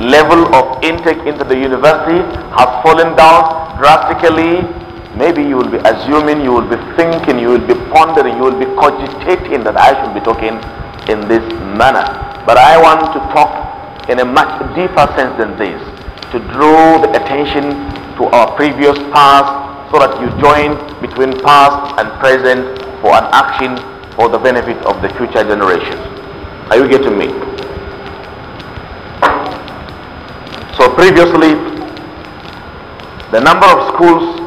level of intake into the university has fallen down drastically, maybe you will be assuming, you will be thinking, you will be pondering, you will be cogitating that I should be talking in this manner. But I want to talk in a much deeper sense than this, to draw the attention to our previous past so that you join between past and present for an action for the benefit of the future generations. Are you getting me? Previously, the number of schools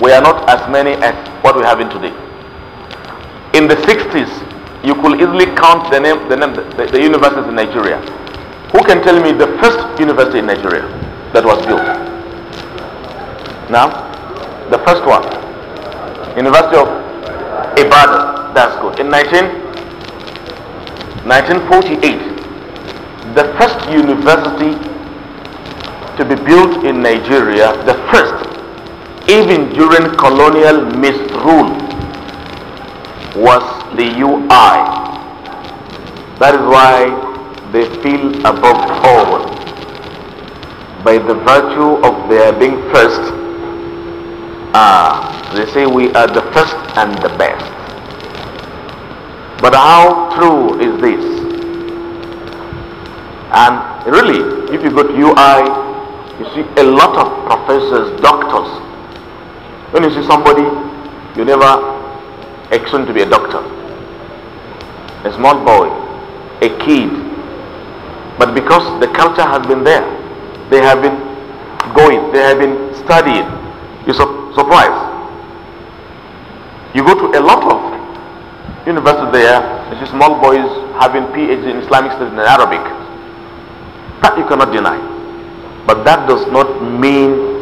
were not as many as what we have in today. In the 60s, you could easily count the name, the, name, the, the universities in Nigeria. Who can tell me the first university in Nigeria that was built? Now, the first one, University of Ibadan. That's good. In 19, 1948, the first university to be built in Nigeria, the first, even during colonial misrule, was the UI. That is why they feel above all by the virtue of their being first. Ah, they say we are the first and the best. But how true is this? And really, if you go to UI, you see, a lot of professors, doctors. When you see somebody, you never expect to be a doctor. A small boy, a kid. But because the culture has been there, they have been going, they have been studying. You're surprised. You go to a lot of universities there, you see small boys having PhD in Islamic studies and Arabic. That you cannot deny. But that does not mean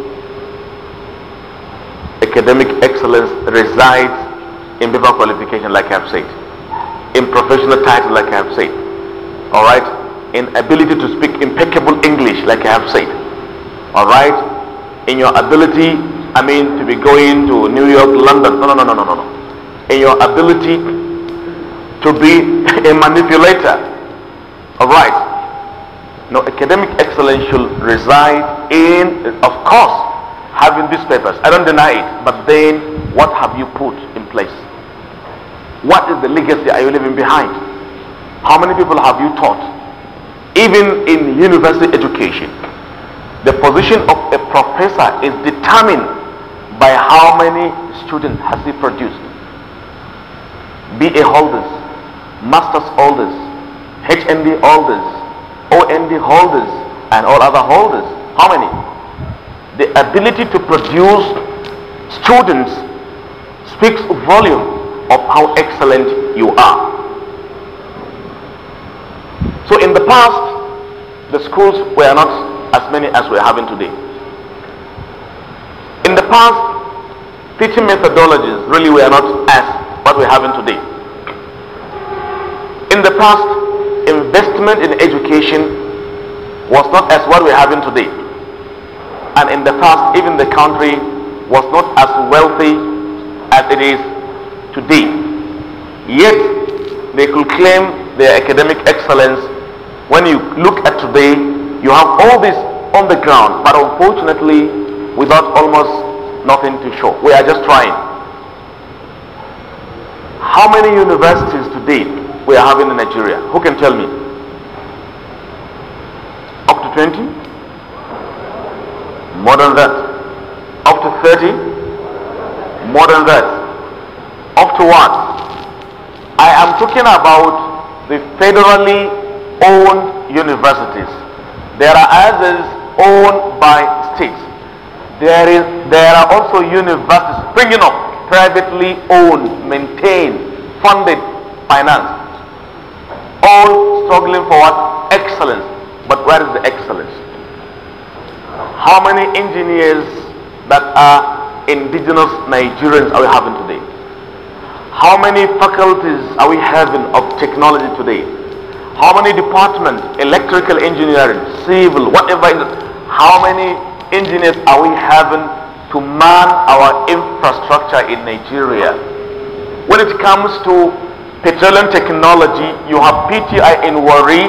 academic excellence resides in paper qualification, like I have said, in professional title, like I have said, all right, in ability to speak impeccable English, like I have said, all right, in your ability, I mean, to be going to New York, London, no, no, no, no, no, no, no, in your ability to be a manipulator, all right, no, academic excellence should reside in, of course, having these papers. I don't deny it. But then, what have you put in place? What is the legacy are you leaving behind? How many people have you taught? Even in university education, the position of a professor is determined by how many students has he produced. BA holders, master's holders, HND holders, OND holders and all other holders. How many? The ability to produce students speaks volume of how excellent you are. So in the past, the schools were not as many as we're having today. In the past, teaching methodologies really were not as what we're having today. In the past, investment in education was not as what we're having today. And in the past, even the country was not as wealthy as it is today. Yet, they could claim their academic excellence. When you look at today, you have all this on the ground, but unfortunately, without almost nothing to show. We are just trying. How many universities today we are having in Nigeria. Who can tell me? Up to 20? More than that. Up to 30? More than that. Up to what? I am talking about the federally owned universities. There are others owned by states. There, is, there are also universities springing up privately owned, maintained, funded, financed all struggling for what? Excellence. But where is the excellence? How many engineers that are indigenous Nigerians are we having today? How many faculties are we having of technology today? How many departments, electrical engineering, civil, whatever, how many engineers are we having to man our infrastructure in Nigeria? When it comes to petroleum technology, you have PTI in worry,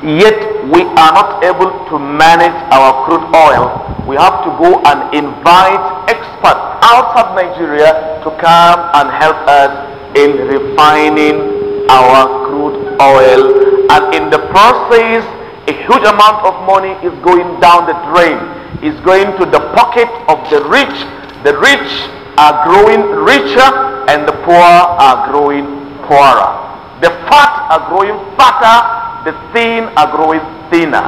yet we are not able to manage our crude oil. We have to go and invite experts outside Nigeria to come and help us in refining our crude oil. And in the process, a huge amount of money is going down the drain. It's going to the pocket of the rich. The rich are growing richer and the poor are growing poorer. The fat are growing fatter, the thin are growing thinner.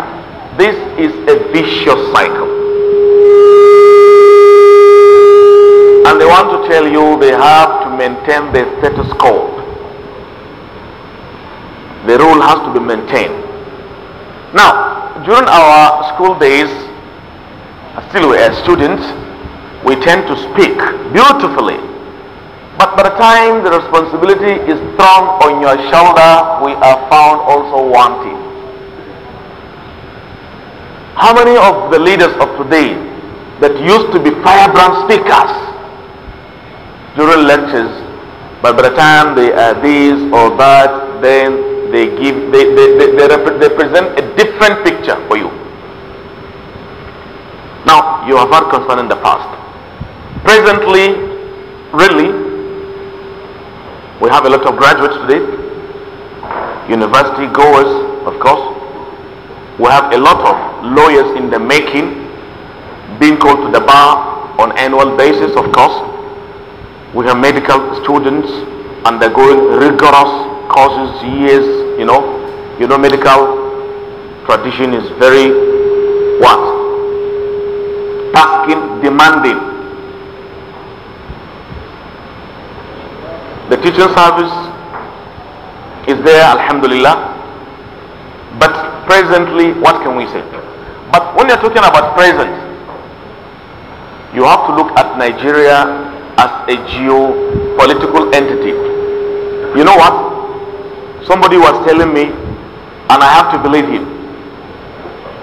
This is a vicious cycle. And they want to tell you they have to maintain their status quo. The rule has to be maintained. Now, during our school days, still we are students, we tend to speak beautifully but by the time the responsibility is thrown on your shoulder, we are found also wanting. How many of the leaders of today that used to be firebrand speakers during lectures, but by the time they are this or that, then they give they, they, they, they, rep they present a different picture for you. Now you have heard concerning the past. Presently, really, we have a lot of graduates today, university goers, of course. We have a lot of lawyers in the making being called to the bar on annual basis, of course. We have medical students undergoing rigorous courses, years, you know. You know, medical tradition is very what? Tasking, demanding. The teaching service is there, alhamdulillah. But presently, what can we say? But when you're talking about present, you have to look at Nigeria as a geopolitical entity. You know what? Somebody was telling me, and I have to believe him,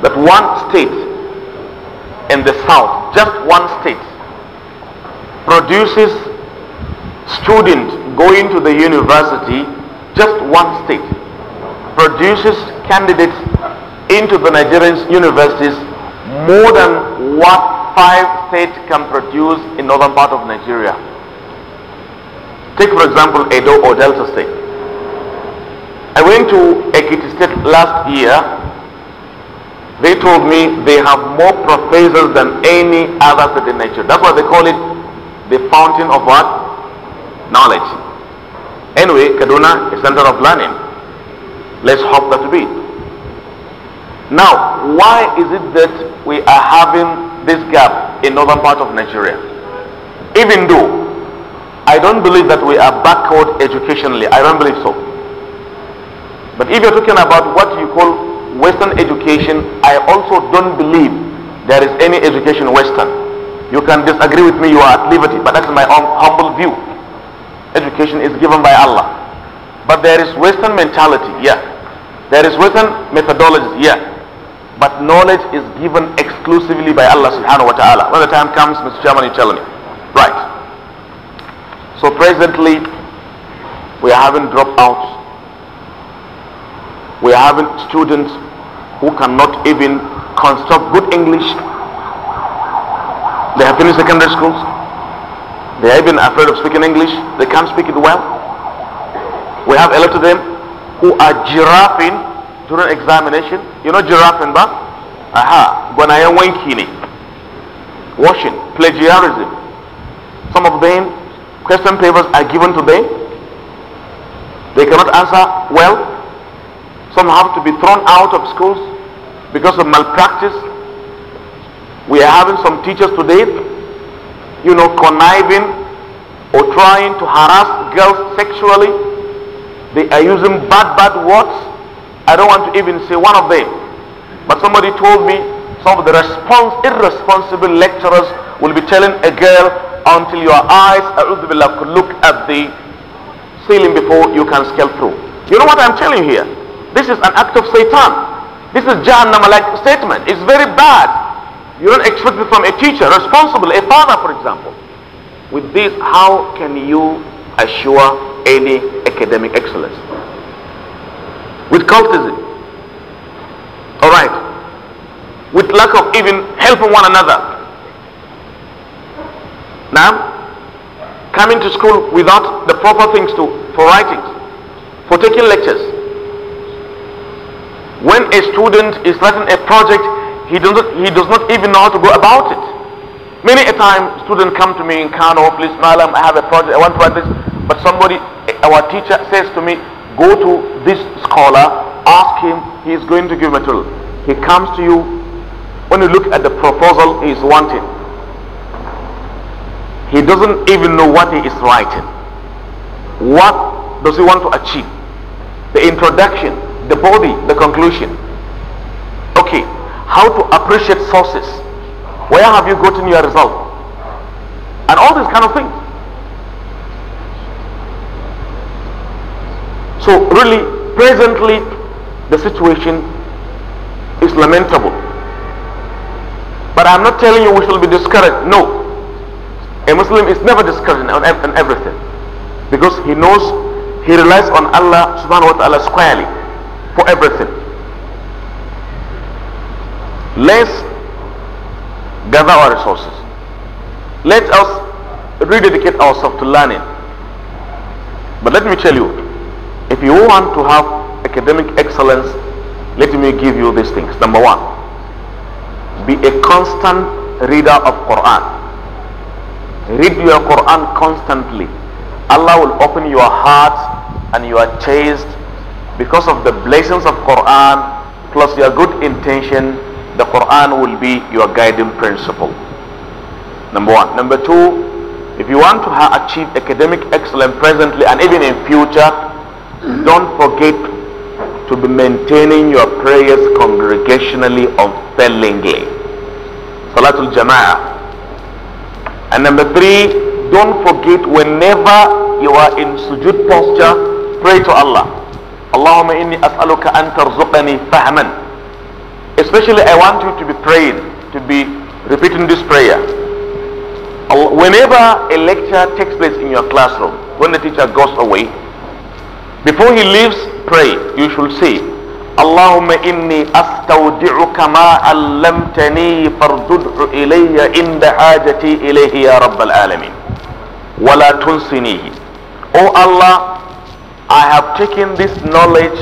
that one state in the south, just one state, produces students going to the university, just one state produces candidates into the Nigerian universities more than what five states can produce in northern part of Nigeria. Take for example Edo or Delta State. I went to Ekiti State last year. They told me they have more professors than any other state in Nigeria. That's why they call it the fountain of what? Knowledge. Anyway, Kaduna is center of learning. Let's hope that be. Now, why is it that we are having this gap in northern part of Nigeria? Even though I don't believe that we are backward educationally, I don't believe so. But if you're talking about what you call Western education, I also don't believe there is any education Western. You can disagree with me, you are at liberty, but that's my own humble view education is given by Allah. But there is Western mentality, yeah. There is Western methodology, yeah. But knowledge is given exclusively by Allah subhanahu wa ta'ala. When the time comes, Mr. Chairman, you tell me. Right. So presently, we are having dropouts. We are having students who cannot even construct good English. They have finished secondary schools they have been afraid of speaking English. They can't speak it well. We have a lot of them who are giraffing during examination. You know giraffing, but aha, wanayawenkini. Washing, plagiarism. Some of them, question papers are given to them. They cannot answer well. Some have to be thrown out of schools because of malpractice. We are having some teachers today you know, conniving or trying to harass girls sexually. They are using bad, bad words. I don't want to even say one of them. But somebody told me some of the response, irresponsible lecturers will be telling a girl until your eyes could look at the ceiling before you can scale through. You know what I'm telling you here? This is an act of Satan. This is Jahannam-like statement. It's very bad. You don't expect it from a teacher, responsible, a father, for example. With this, how can you assure any academic excellence? With cultism. All right. With lack of even helping one another. Now, coming to school without the proper things to for writing, for taking lectures. When a student is writing a project, he does, not, he does not even know how to go about it. Many a time, students come to me in Kano, please, madam I have a project, I want to write this. But somebody, our teacher says to me, go to this scholar, ask him, he is going to give material. He comes to you, when you look at the proposal, he is wanting. He doesn't even know what he is writing. What does he want to achieve? The introduction, the body, the conclusion. Okay, how to appreciate sources. Where have you gotten your result? And all these kind of things. So really, presently, the situation is lamentable. But I'm not telling you we shall be discouraged. No. A Muslim is never discouraged on, on everything. Because he knows, he relies on Allah subhanahu wa ta'ala squarely for everything. Let's gather our resources. Let us rededicate ourselves to learning. But let me tell you, if you want to have academic excellence, let me give you these things. Number one, be a constant reader of Quran. Read your Quran constantly. Allah will open your heart and you are chest because of the blessings of Quran plus your good intention the Quran will be your guiding principle. Number one. Number two, if you want to achieve academic excellence presently and even in future, don't forget to be maintaining your prayers congregationally unfailingly. Salatul Jama'ah. And number three, don't forget whenever you are in sujud posture, pray to Allah. Allahumma inni as'aluka an tarzuqani fahman especially I want you to be praying, to be repeating this prayer. Whenever a lecture takes place in your classroom, when the teacher goes away, before he leaves, pray. You should say, Allahumma inni astaudi'uka ma allamtani fardud'u ilayya inda hajati ilayhi ya rabbal alamin. Wala tunsinihi. O Allah, I have taken this knowledge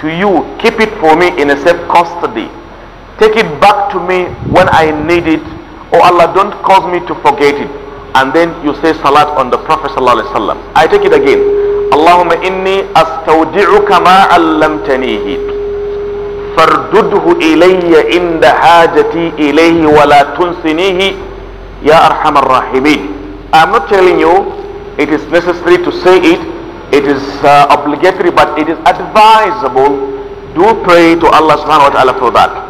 to you. Keep it for me in a safe custody. Take it back to me when I need it. Oh Allah, don't cause me to forget it. And then you say salat on the Prophet sallallahu alaihi I take it again. Allahumma inni astawdi'uka ma 'allamtanihi. فاردده inda عند ilayhi wa la تنسنيه Ya أرحم الراحمين I'm not telling you it is necessary to say it it is uh, obligatory but it is advisable do pray to Allah subhanahu wa ta'ala for that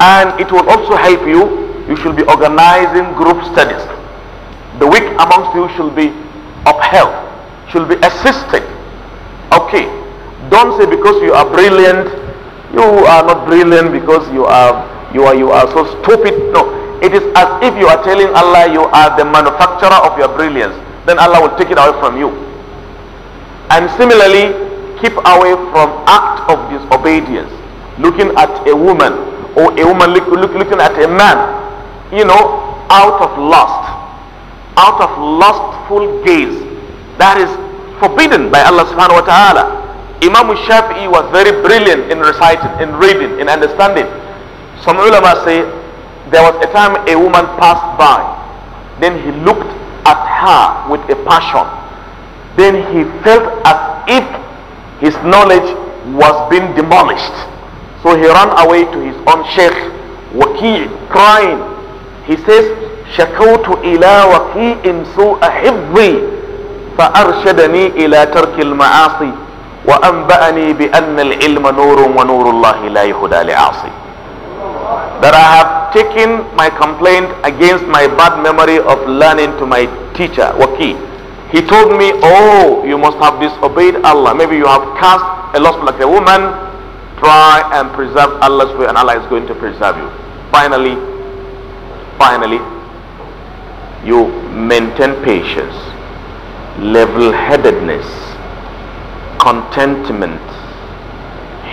and it will also help you you should be organizing group studies the weak amongst you should be upheld should be assisted okay don't say because you are brilliant you are not brilliant because you are you are you are so stupid no it is as if you are telling allah you are the manufacturer of your brilliance then allah will take it away from you and similarly keep away from act of disobedience looking at a woman or oh, a woman look, look, looking at a man, you know, out of lust, out of lustful gaze. That is forbidden by Allah subhanahu wa ta'ala. Imam Shafi'i was very brilliant in reciting, in reading, in understanding. Some ulama say there was a time a woman passed by. Then he looked at her with a passion. Then he felt as if his knowledge was being demolished so he ran away to his own sheikh, Waki, crying. He says, شكوت إلى وكيء سوء حفظي فأرشدني إلى ترك المعاصي وأنبأني بأن العلم نور ونور الله لا يهدى لعاصي That I have taken my complaint against my bad memory of learning to my teacher, Waki. He told me, oh, you must have disobeyed Allah. Maybe you have cast a lot like a woman try and preserve Allah's way and Allah is going to preserve you. Finally, finally, you maintain patience, level-headedness, contentment,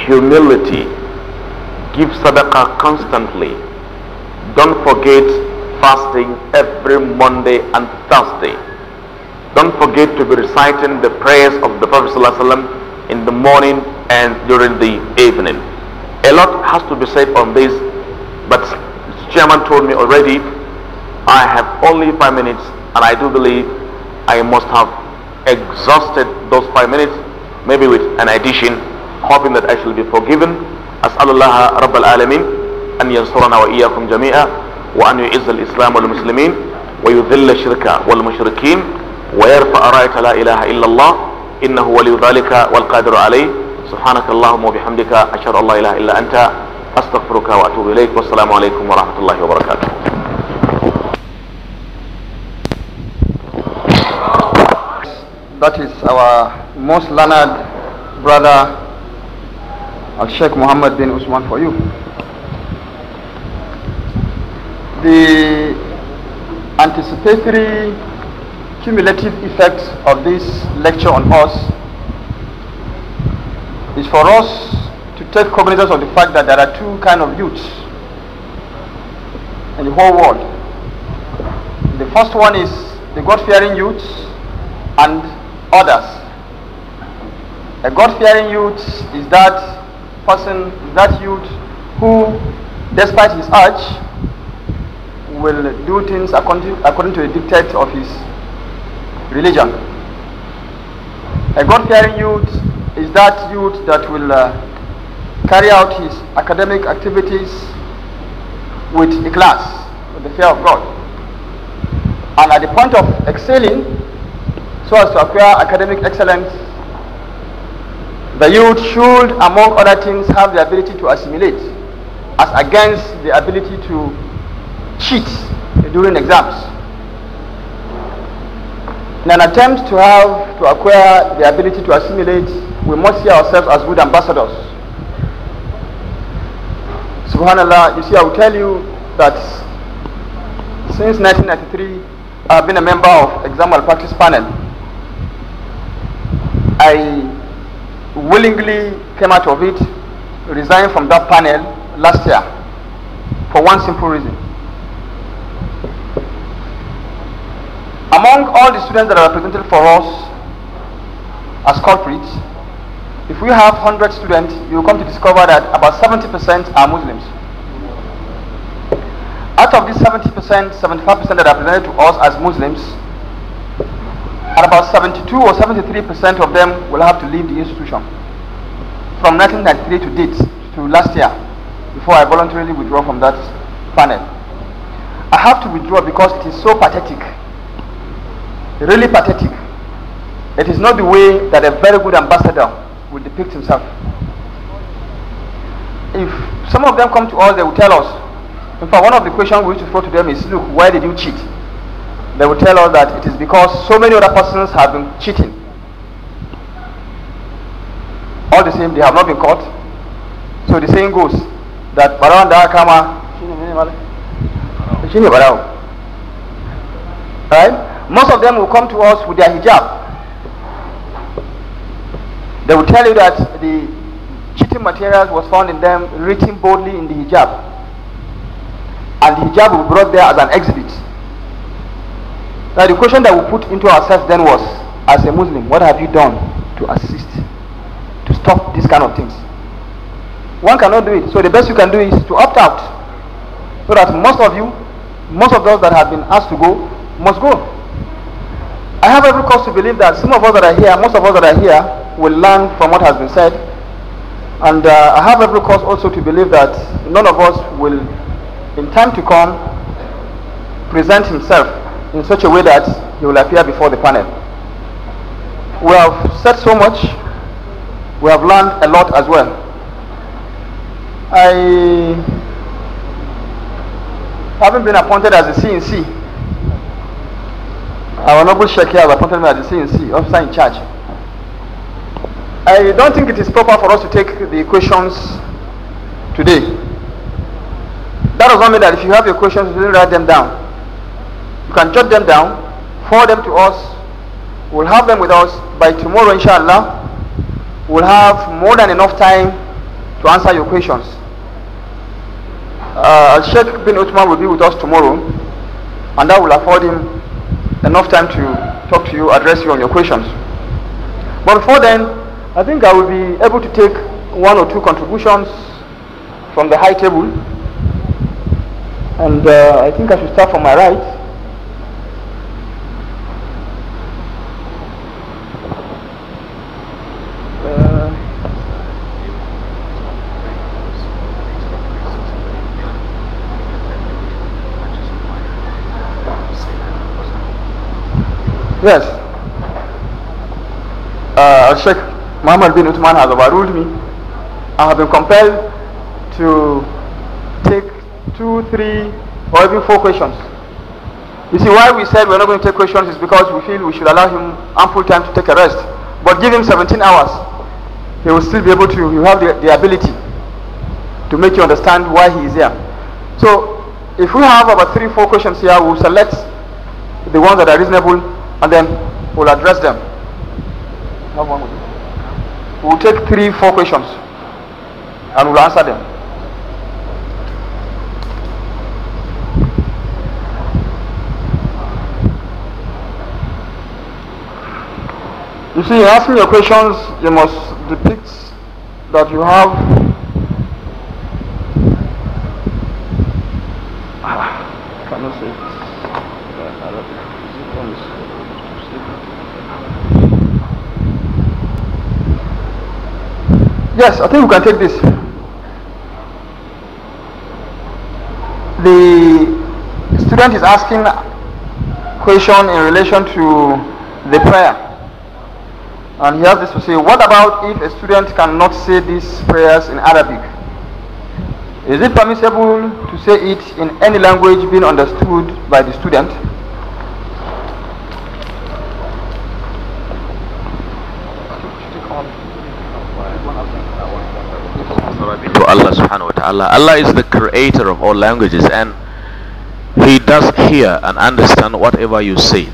humility, give sadaqah constantly. Don't forget fasting every Monday and Thursday. Don't forget to be reciting the prayers of the Prophet ﷺ in the morning and during the evening. A lot has to be said on this, but the chairman told me already I have only five minutes and I do believe I must have exhausted those five minutes, maybe with an addition, hoping that I shall be forgiven. أسأل الله رب العالمين أن ينصرنا وإياكم جميعا وأن يعز الإسلام والمسلمين ويذل الشرك والمشركين ويرفع راية لا إله إلا الله إنه ولي ذلك والقادر عليه سبحانك اللهم وبحمدك أشهد الله إله إلا أنت أستغفرك وأتوب إليك والسلام عليكم ورحمة الله وبركاته That is our most learned brother Al-Sheikh Muhammad bin Usman for you. The anticipatory cumulative effects of this lecture on us is for us to take cognizance of the fact that there are two kind of youths in the whole world. The first one is the God-fearing youths and others. A God-fearing youth is that person, that youth who, despite his age, will do things according to, according to the dictate of his religion. A God-fearing youth is that youth that will uh, carry out his academic activities with the class, with the fear of God. And at the point of excelling, so as to acquire academic excellence, the youth should, among other things, have the ability to assimilate, as against the ability to cheat during exams. In an attempt to have to acquire the ability to assimilate, we must see ourselves as good ambassadors. Subhanallah, you see, I will tell you that since 1993, I've been a member of Exam practice Panel. I willingly came out of it, resigned from that panel last year for one simple reason. among all the students that are represented for us as culprits, if we have 100 students, you will come to discover that about 70% are Muslims. Out of these 70%, 75% that are presented to us as Muslims, and about 72 or 73% of them will have to leave the institution from 1993 to date to last year before I voluntarily withdraw from that panel. I have to withdraw because it is so pathetic really pathetic. It is not the way that a very good ambassador would depict himself. If some of them come to us, they will tell us. In fact, one of the questions we used to throw to them is, look, why did you cheat? They will tell us that it is because so many other persons have been cheating. All the same, they have not been caught. So the saying goes that Baranda Kama Right? Most of them will come to us with their hijab. They will tell you that the cheating materials was found in them written boldly in the hijab. And the hijab was brought there as an exhibit. Now the question that we put into ourselves then was, as a Muslim, what have you done to assist, to stop these kind of things? One cannot do it. So the best you can do is to opt out. So that most of you, most of those that have been asked to go, must go. I have every cause to believe that some of us that are here, most of us that are here, will learn from what has been said. And uh, I have every cause also to believe that none of us will, in time to come, present himself in such a way that he will appear before the panel. We have said so much. We have learned a lot as well. I, haven't been appointed as a CNC our noble Sheikh has appointed me as the CNC officer in charge. I don't think it is proper for us to take the questions today. That does not mean that if you have your questions, you didn't write them down. You can jot them down, forward them to us. We'll have them with us by tomorrow, inshallah. We'll have more than enough time to answer your questions. Uh, Sheikh bin Uthman will be with us tomorrow, and I will afford him enough time to talk to you, address you on your questions. But before then, I think I will be able to take one or two contributions from the high table. And uh, I think I should start from my right. Yes. Uh, Sheikh Muhammad bin Uthman has overruled me. I have been compelled to take two, three, or even four questions. You see, why we said we're not going to take questions is because we feel we should allow him ample time to take a rest. But give him 17 hours, he will still be able to, have the, the ability to make you understand why he is here. So, if we have about three, four questions here, we'll select the ones that are reasonable and then we'll address them. We'll take three, four questions and we'll answer them. You see, asking your questions, you must depict that you have I cannot say Yes, I think we can take this. The student is asking question in relation to the prayer. And he has this to say, what about if a student cannot say these prayers in Arabic? Is it permissible to say it in any language being understood by the student? to Allah subhanahu wa ta'ala. Allah is the creator of all languages and He does hear and understand whatever you say.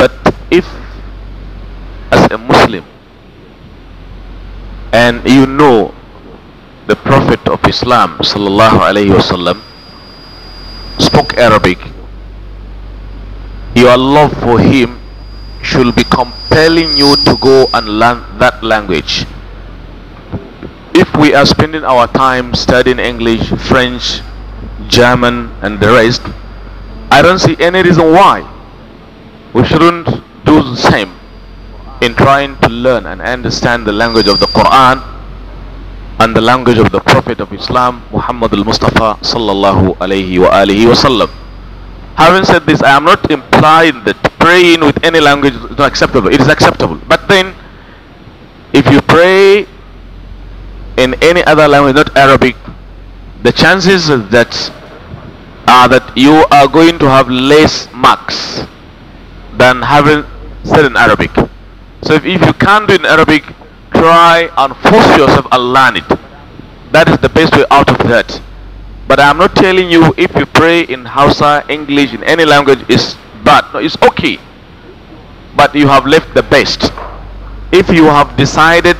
But if as a Muslim and you know the Prophet of Islam sallallahu alayhi wasallam spoke Arabic, your love for him should be compelling you to go and learn that language if we are spending our time studying English, French, German and the rest, I don't see any reason why we shouldn't do the same in trying to learn and understand the language of the Quran and the language of the Prophet of Islam, Muhammad al-Mustafa sallallahu alayhi wa alihi wa Having said this, I am not implying that praying with any language is not acceptable. It is acceptable. But then, if you pray in any other language not Arabic the chances that are that you are going to have less marks than having said in Arabic so if, if you can't do in Arabic try and force yourself and learn it that is the best way out of that but I'm not telling you if you pray in Hausa, English, in any language is bad. No, it's okay. But you have left the best. If you have decided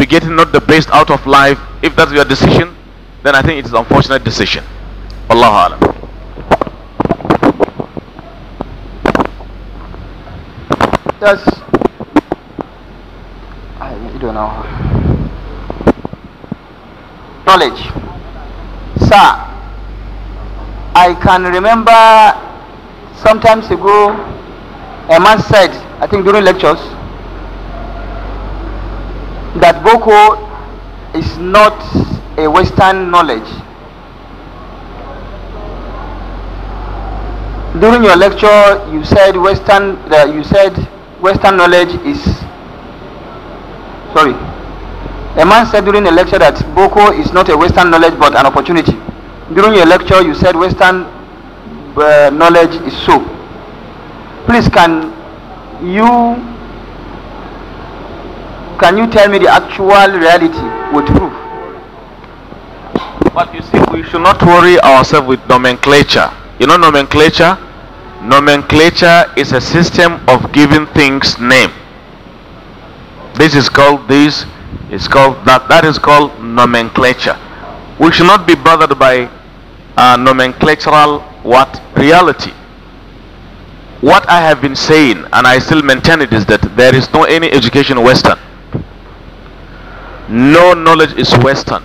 be getting not the best out of life, if that's your decision, then I think it is an unfortunate decision. Allah alam. Does I don't know knowledge, sir? I can remember sometimes ago a man said, I think during lectures that Boko is not a Western knowledge. During your lecture, you said Western. Uh, you said Western knowledge is. Sorry, a man said during a lecture that Boko is not a Western knowledge but an opportunity. During your lecture, you said Western uh, knowledge is so. Please, can you can you tell me the actual reality with proof? But you see, we should not worry ourselves with nomenclature. You know nomenclature? Nomenclature is a system of giving things name. This is called this, it's called that, that is called nomenclature. We should not be bothered by uh, nomenclatural what reality. What I have been saying, and I still maintain it, is that there is no any education in Western no knowledge is western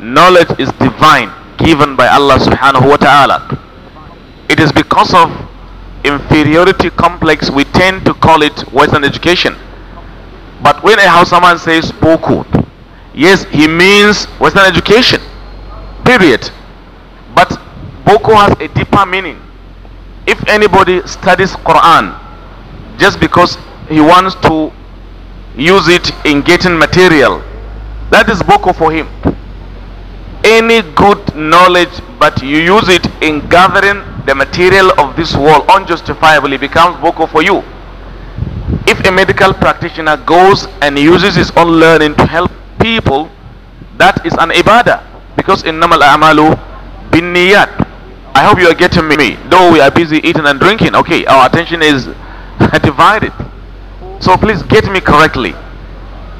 knowledge is divine given by allah subhanahu wa ta'ala it is because of inferiority complex we tend to call it western education but when a Hausa man says Boku, yes, he means Western education, period. But Boku has a deeper meaning. If anybody studies Quran just because he wants to use it in getting material, that is Boko for him. Any good knowledge, but you use it in gathering the material of this world unjustifiably becomes Boko for you. If a medical practitioner goes and uses his own learning to help people, that is an ibadah. Because in Namal Amalu bin Niyat. I hope you are getting me. Though we are busy eating and drinking, okay, our attention is divided. So please get me correctly.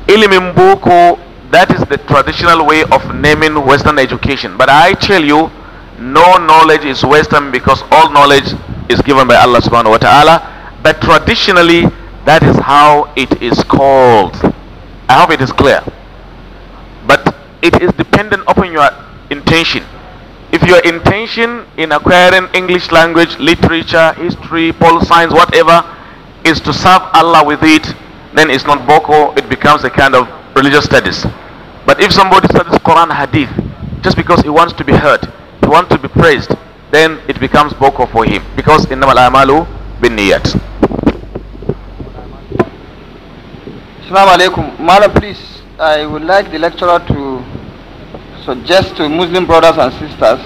Ilimin that is the traditional way of naming Western education. But I tell you, no knowledge is Western because all knowledge is given by Allah subhanahu wa ta'ala. But traditionally, that is how it is called. I hope it is clear. But it is dependent upon your intention. If your intention in acquiring English language, literature, history, pol science, whatever, is to serve Allah with it, then it's not Boko, it becomes a kind of religious studies. But if somebody studies Quran Hadith just because he wants to be heard, he wants to be praised, then it becomes boko for him because innamal amalu bin niyat. Assalamu alaikum. Madam, please, I would like the lecturer to suggest to Muslim brothers and sisters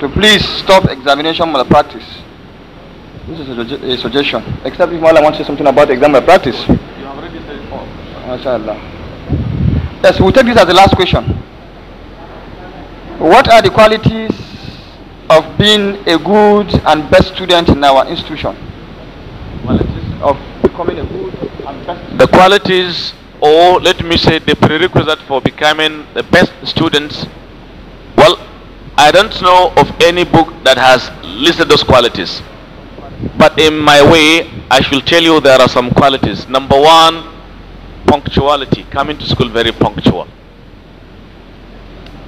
to please stop examination malpractice. This is a, a suggestion. Except if Mala wants to say something about exam malpractice. You have already said it. Oh, MashaAllah. Yes, we'll take this as the last question. What are the qualities of being a good and best student in our institution? Qualities of becoming a good and best The qualities, or let me say, the prerequisite for becoming the best students. Well, I don't know of any book that has listed those qualities. But in my way, I shall tell you there are some qualities. Number one, punctuality, coming to school very punctual.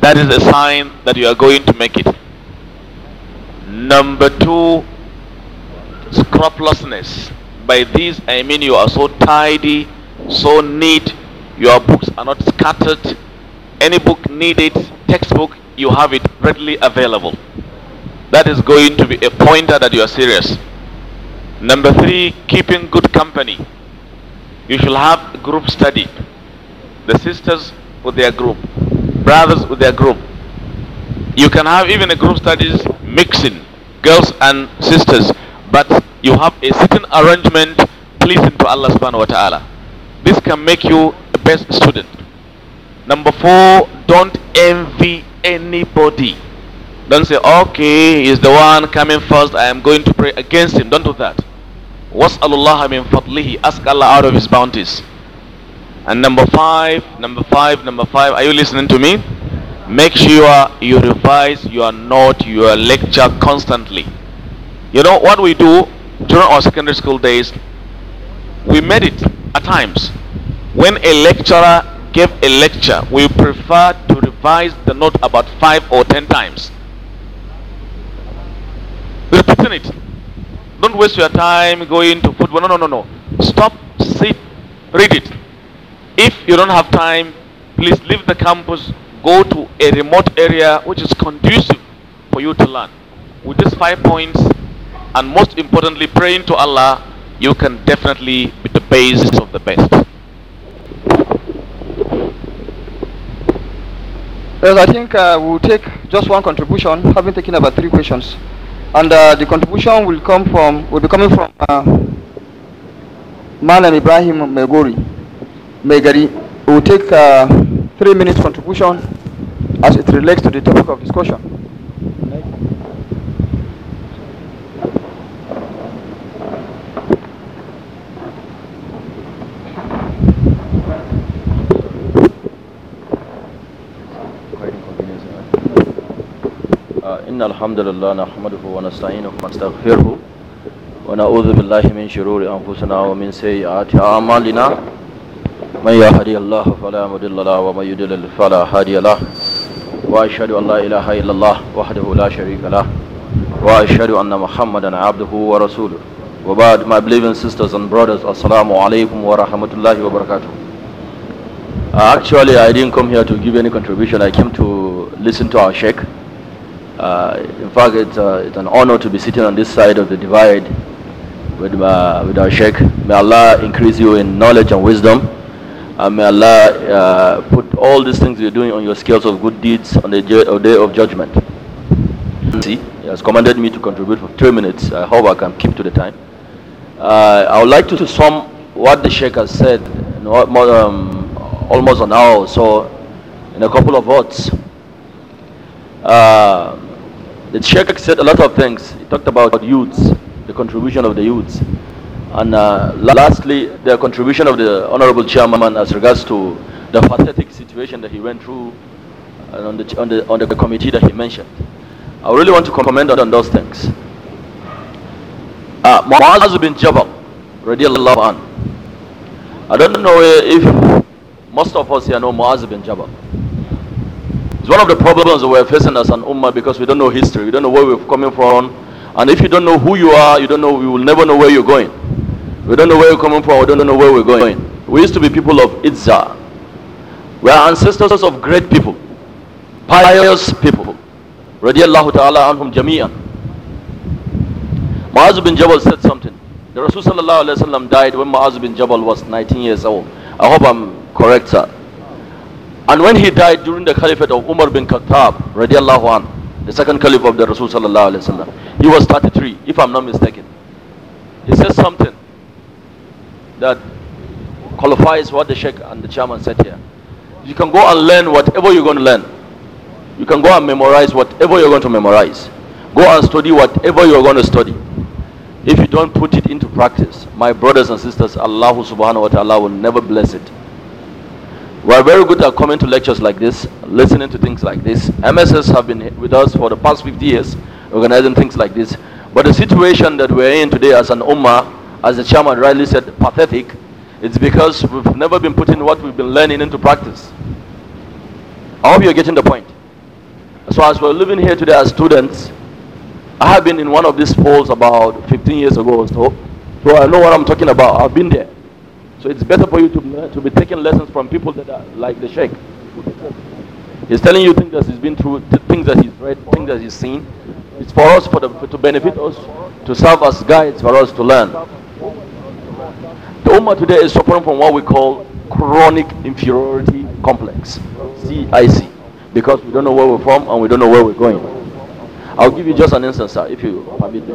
That is a sign that you are going to make it. Number two, scrupulousness. By this I mean you are so tidy, so neat, your books are not scattered. Any book needed, textbook, you have it readily available. That is going to be a pointer that you are serious. Number three, keeping good company. You should have group study. The sisters with their group, brothers with their group. You can have even a group studies mixing girls and sisters, but you have a certain arrangement pleasing to Allah subhanahu wa ta'ala. This can make you a best student. Number four, don't envy anybody. Don't say, okay, he's the one coming first, I am going to pray against him. Don't do that. Was'alullah min fadlihi. Ask Allah out of His bounties. And number five, number five, number five. Are you listening to me? Make sure you revise your note, your lecture constantly. You know what we do during our secondary school days? We made it at times. When a lecturer gave a lecture, we prefer to revise the note about five or ten times. Repeating it don't waste your time going to football. No, no, no, no. Stop, sit, read it. If you don't have time, please leave the campus, go to a remote area which is conducive for you to learn. With these five points, and most importantly, praying to Allah, you can definitely be the basis of the best. Yes, I think uh, we'll take just one contribution, having taken about three questions and uh, the contribution will come from will be coming from uh, Malam Ibrahim Megori Megari. will take uh, three minutes contribution as it relates to the topic of discussion. إن الحمد لله نحمده ونستعينه ونستغفره ونعوذ بالله من شرور أنفسنا ومن سيئات أعمالنا من يهدي الله فلا مضل له ومن يضلل فلا هادي له وأشهد أن لا إله إلا الله وحده لا شريك له وأشهد أن محمدا عبده ورسوله وبعد my believing sisters and brothers assalamu alaikum wa rahmatullahi wa barakatuh uh, actually I didn't come here to give any contribution I came to listen to our sheikh Uh, in fact, it's, uh, it's an honor to be sitting on this side of the divide with, with our Sheikh. May Allah increase you in knowledge and wisdom. And may Allah uh, put all these things you're doing on your scales of good deeds on the uh, day of judgment. See, he has commanded me to contribute for three minutes. I hope I can keep to the time. Uh, I would like to sum what the Sheikh has said in um, almost an hour or so in a couple of words. The Sheikh said a lot of things. He talked about youths, the contribution of the youths. And uh, lastly, the contribution of the Honorable Chairman as regards to the pathetic situation that he went through uh, on the, on the, on the committee that he mentioned. I really want to comment on those things. Uh, Muaz bin Jabal, radiallahu an. I don't know if most of us here know Muaz bin Jabal. It's one of the problems that we're facing as an ummah because we don't know history. We don't know where we're coming from. And if you don't know who you are, you don't know, you will never know where you're going. We don't know where you're coming from. We don't know where we're going. We used to be people of Itza. We are ancestors of great people, pious people. Radiallahu ta'ala anhum jami'an. Maaz bin Jabal said something. The Rasul sallallahu alayhi wa sallam died when Maaz bin Jabal was 19 years old. I hope I'm correct, sir. And when he died during the caliphate of Umar bin Khattab, radiallahu anhu, the second caliph of the Rasul sallallahu alayhi wasallam, he was 33, if I'm not mistaken. He said something that qualifies what the sheikh and the chairman said here. You can go and learn whatever you're going to learn. You can go and memorize whatever you're going to memorize. Go and study whatever you're going to study. If you don't put it into practice, my brothers and sisters, Allah subhanahu wa ta'ala will never bless it. We're very good at coming to lectures like this, listening to things like this. MSS have been with us for the past 50 years, organizing things like this. But the situation that we're in today as an Ummah, as the chairman rightly said, pathetic, it's because we've never been putting what we've been learning into practice. I hope you're getting the point. So as we're living here today as students, I have been in one of these polls about 15 years ago so, so I know what I'm talking about. I've been there. So it's better for you to, uh, to be taking lessons from people that are like the Sheikh. He's telling you things that he's been through, things that he's read, things that he's seen. It's for us for the, for, to benefit us, to serve as guides for us to learn. The Ummah today is suffering from what we call chronic inferiority complex, CIC, because we don't know where we're from and we don't know where we're going. I'll give you just an instance, sir, if you permit me.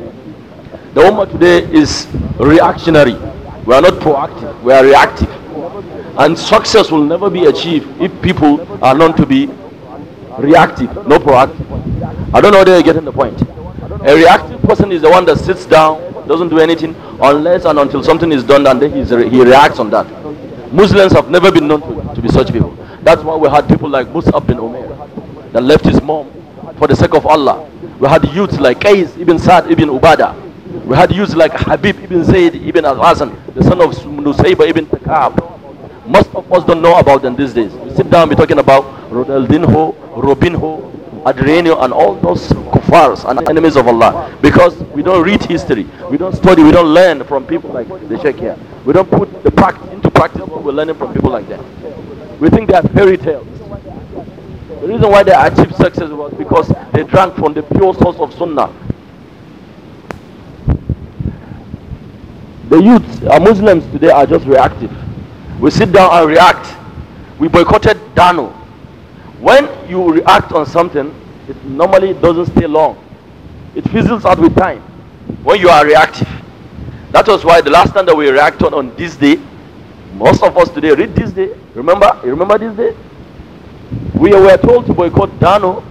The Ummah today is reactionary we are not proactive, we are reactive. And success will never be achieved if people are known to be reactive, not proactive. I don't know whether you're getting the point. A reactive person is the one that sits down, doesn't do anything, unless and until something is done, and then he's re he reacts on that. Muslims have never been known to, to be such people. That's why we had people like Mus'ab bin Umair that left his mom for the sake of Allah. We had youths like Qais ibn Sa'd ibn Ubada we had used like Habib ibn Zayd ibn al-Hasan, the son of Nusayba ibn Takab. Most of us don't know about them these days. We sit down, we're talking about Rodaldinho, Robinho, Adriano, and all those kuffars and enemies of Allah. Because we don't read history, we don't study, we don't learn from people like the Sheikh here. We don't put the practice into practice what we're learning from people like that. We think they are fairy tales. The reason why they achieved success was because they drank from the pure source of Sunnah. The youth, our uh, Muslims today are just reactive. We sit down and react. We boycotted Dano. When you react on something, it normally doesn't stay long. It fizzles out with time when you are reactive. That was why the last time that we reacted on this day, most of us today read this day. Remember? You remember this day? We were told to boycott Dano.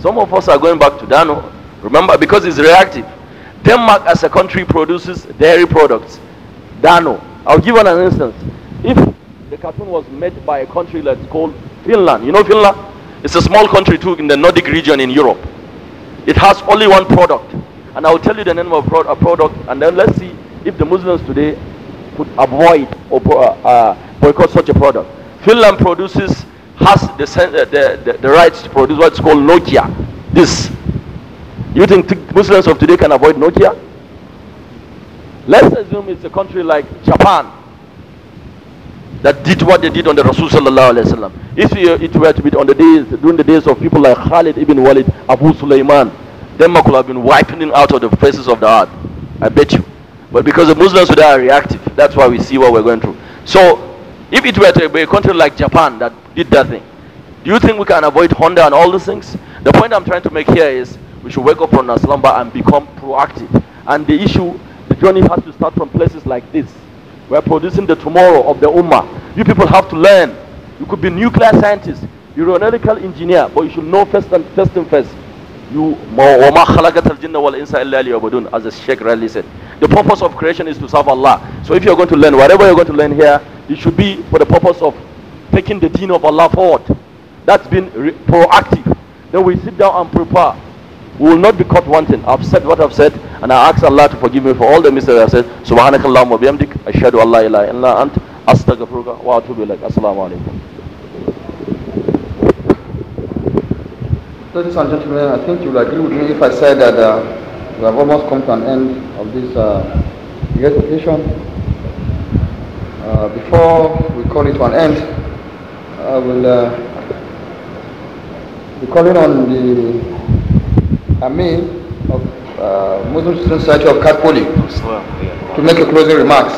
Some of us are going back to Dano. Remember? Because it's reactive. Denmark as a country produces dairy products. Dano. I'll give an instance. If the cartoon was made by a country that's called Finland, you know Finland? It's a small country too in the Nordic region in Europe. It has only one product. And I'll tell you the name of a product and then let's see if the Muslims today could avoid or uh, uh, boycott such a product. Finland produces, has the, uh, the, the, the rights to produce what's called Nokia. This you think Muslims of today can avoid Nokia? Let's assume it's a country like Japan that did what they did on the Rasul sallallahu alaihi wasallam. If it were to be on the days during the days of people like Khalid ibn Walid, Abu Sulaiman, Denmark could have been wiping out of the faces of the earth. I bet you. But because the Muslims today are reactive, that's why we see what we're going through. So, if it were to be a country like Japan that did that thing, do you think we can avoid Honda and all those things? The point I'm trying to make here is we should wake up from our slumber and become proactive. And the issue, the journey has to start from places like this. We're producing the tomorrow of the Ummah. You people have to learn. You could be nuclear scientist, aeronautical engineer, but you should know first and first and first. You, وَمَا خَلَقَتَ الْجِنَّ وَالْإِنسَ إِلَّا لِيَعْبُدُونَ As the Sheikh rightly said. The purpose of creation is to serve Allah. So if you're going to learn, whatever you're going to learn here, it should be for the purpose of taking the deen of Allah forward. That's been proactive. Then we sit down and prepare we will not be caught wanting. I've said what I've said, and I ask Allah to forgive me for all the mistakes I've said. Subhanakallahumma wa bihamdik. Ashhadu an ilaha illa ant. Astaghfiruka wa atubu ilaik. Assalamu alaikum. Ladies and gentlemen, I think you will agree with me if I say that uh, we have almost come to an end of this uh, great occasion. Uh, before we call it to an end, I will uh, be calling on the I mean, of uh, Muslim Student Society of Catholic, to make a closing remarks.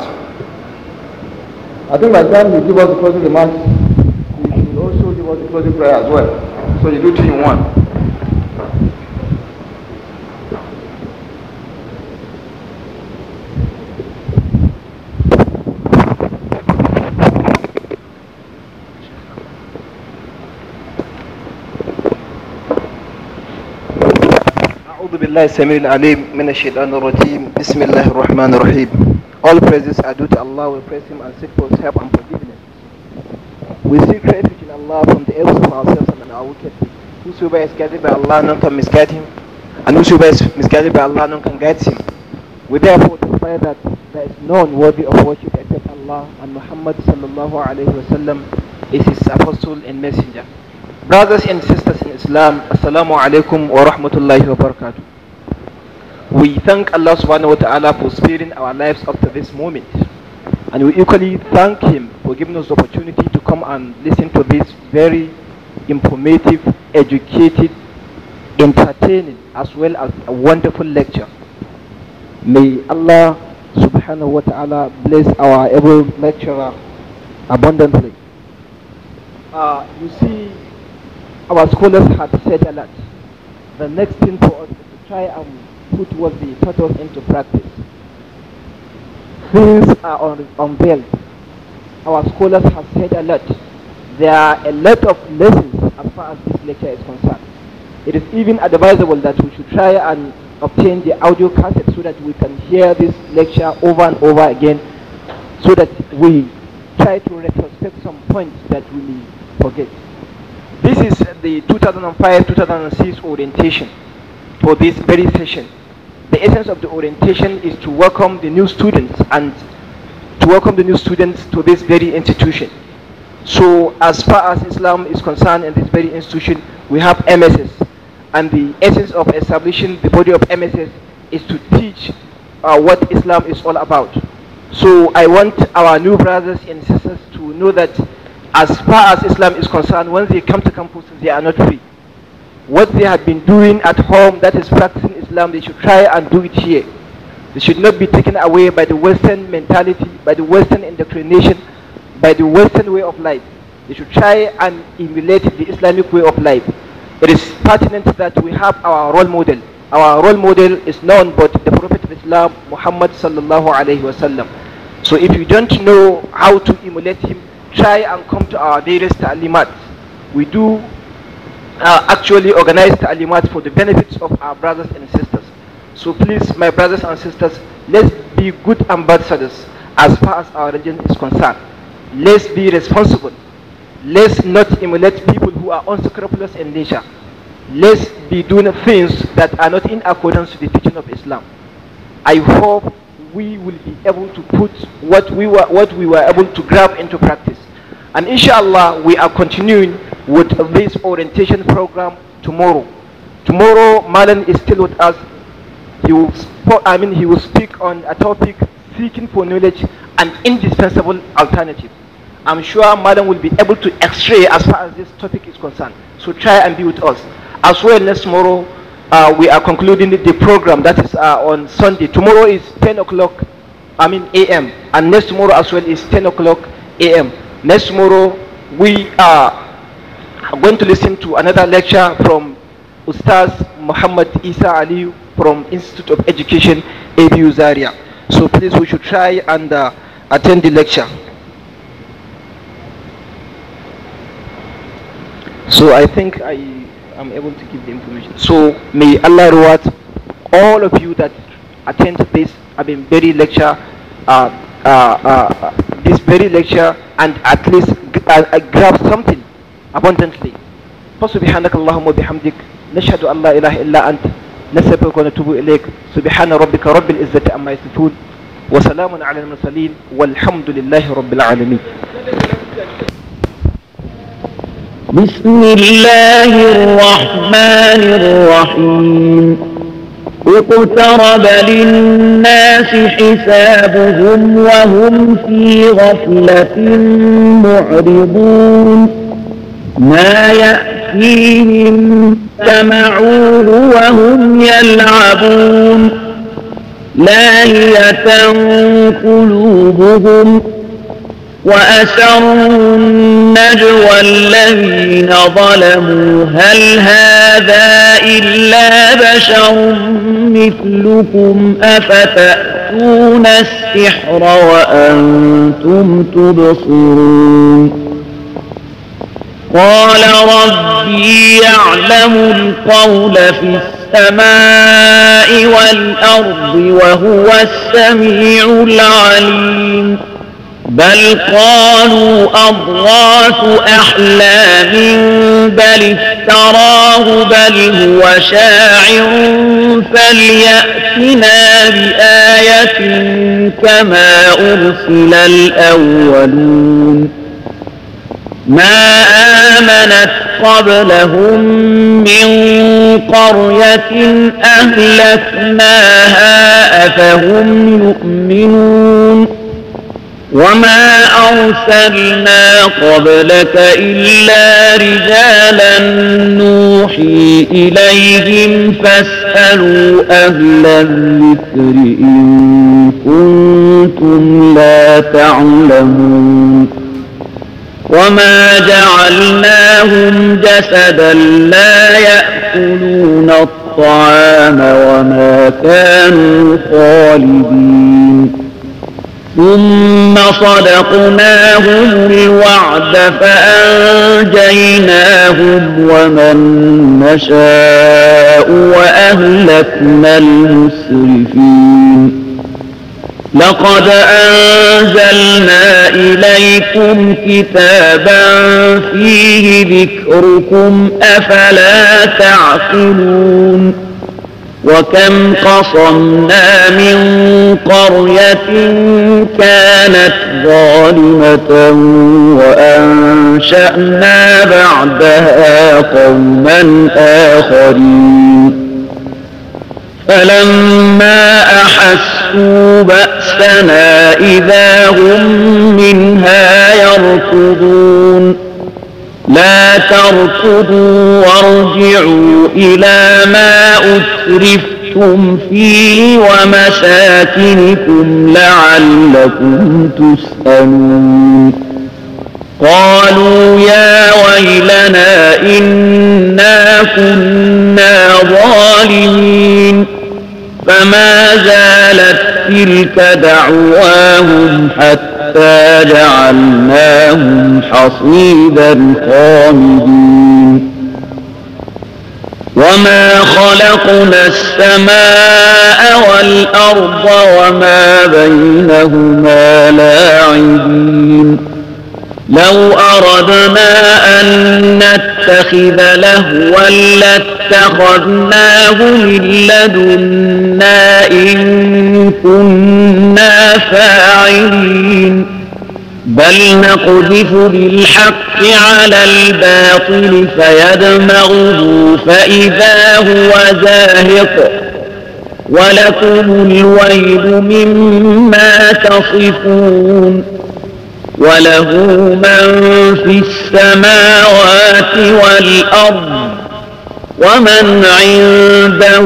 I think by the time you give us the closing remarks, you should also give us the closing prayer as well. So you do two in one. أعوذ بالله السميع العليم من الشيطان الرجيم بسم الله الرحمن الرحيم All praises are due to Allah, we praise Him and seek for His help and forgiveness. We seek refuge in Allah from the evils of ourselves and our wicked Whosoever is guided by Allah, none can misguide him. And whosoever is misguided by Allah, none can guide him. We therefore declare that there is none worthy of worship except Allah and Muhammad sallallahu alayhi wa sallam is His apostle and messenger. Brothers and sisters in Islam, Assalamu alaikum wa rahmatullahi wa barakatuh. We thank Allah subhanahu wa ta'ala for sparing our lives up to this moment. And we equally thank Him for giving us the opportunity to come and listen to this very informative, educated, entertaining, as well as a wonderful lecture. May Allah subhanahu wa ta'ala bless our able lecturer abundantly. Uh, you see, our scholars had said a lot. The next thing for us is to try and put what they taught us into practice. Things are unveiled. Our scholars have said a lot. There are a lot of lessons as far as this lecture is concerned. It is even advisable that we should try and obtain the audio cassette so that we can hear this lecture over and over again so that we try to retrospect some points that we may forget is the 2005-2006 orientation for this very session. The essence of the orientation is to welcome the new students and to welcome the new students to this very institution. So as far as Islam is concerned in this very institution, we have MSS. And the essence of establishing the body of MSS is to teach uh, what Islam is all about. So I want our new brothers and sisters to know that as far as Islam is concerned, when they come to campuses, they are not free. What they have been doing at home, that is practicing Islam, they should try and do it here. They should not be taken away by the Western mentality, by the Western indoctrination, by the Western way of life. They should try and emulate the Islamic way of life. It is pertinent that we have our role model. Our role model is known but the Prophet of Islam, Muhammad sallallahu alayhi wasallam. So if you don't know how to emulate him, try and come to our various ta'limat. We do uh, actually organize ta'limat for the benefits of our brothers and sisters. So please, my brothers and sisters, let's be good ambassadors as far as our religion is concerned. Let's be responsible. Let's not emulate people who are unscrupulous in nature. Let's be doing things that are not in accordance with the teaching of Islam. I hope we will be able to put what we were, what we were able to grab into practice. And inshallah, we are continuing with this orientation program tomorrow. Tomorrow, Malin is still with us. He will, I mean, he will speak on a topic seeking for knowledge and indispensable alternative. I'm sure Malin will be able to x-ray as far as this topic is concerned. So try and be with us. As well, next tomorrow, uh, we are concluding the program that is uh, on Sunday. Tomorrow is 10 o'clock, I mean AM, and next tomorrow as well is 10 o'clock AM. Next tomorrow, we are going to listen to another lecture from Ustaz Muhammad Isa Ali from Institute of Education, ABU Zaria. So please, we should try and uh, attend the lecture. So I think I am able to give the information. So may Allah reward all of you that attend this I mean, very lecture. Uh, uh, uh this very lecture and at least uh, uh, grab something abundantly. فسبحانك اللهم وبحمدك نشهد أن لا إله إلا أنت نستغفرك ونتوب إليك سبحان ربك رب العزة عما يصفون وسلام على المرسلين والحمد لله رب العالمين بسم الله الرحمن الرحيم اقترب للناس حسابهم وهم في غفلة معرضون ما يأتيهم سمعوه وهم يلعبون لاهية قلوبهم وأسروا النجوى الذين ظلموا هل هذا إلا بشر مثلكم أفتأتون السحر وأنتم تبصرون قال ربي يعلم القول في السماء والأرض وهو السميع العليم بل قالوا أضغاث أحلام بل افتراه بل هو شاعر فليأتنا بآية كما أرسل الأولون ما آمنت قبلهم من قرية أهلكناها أفهم يؤمنون وما أرسلنا قبلك إلا رجالا نوحي إليهم فاسألوا أهل الذكر إن كنتم لا تعلمون وما جعلناهم جسدا لا يأكلون الطعام وما كانوا خالدين ثم صدقناهم الوعد فأنجيناهم ومن نشاء وأهلكنا المسرفين لقد أنزلنا إليكم كتابا فيه ذكركم أفلا تعقلون وكم قصمنا من قرية كانت ظالمة وأنشأنا بعدها قوما آخرين فلما أحسوا بأسنا إذا هم منها يركضون لا تركضوا وارجعوا إلى ما أترفتم فيه ومساكنكم لعلكم تسألون قالوا يا ويلنا إنا كنا ظالمين فما زالت تلك دعواهم حتى جعلناهم حصيدا خامدين وما خلقنا السماء والأرض وما بينهما لاعبين لو أردنا أن نتخذ لهوا لاتخذناه من لدنا إن كنا فاعلين بل نقذف بالحق على الباطل فيدمغه فإذا هو زاهق ولكم الويل مما تصفون وله من في السماوات والأرض ومن عنده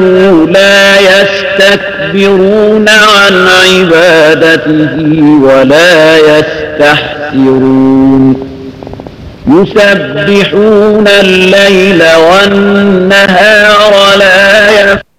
لا يستكبرون عن عبادته ولا يستحسرون يسبحون الليل والنهار لا يفكرون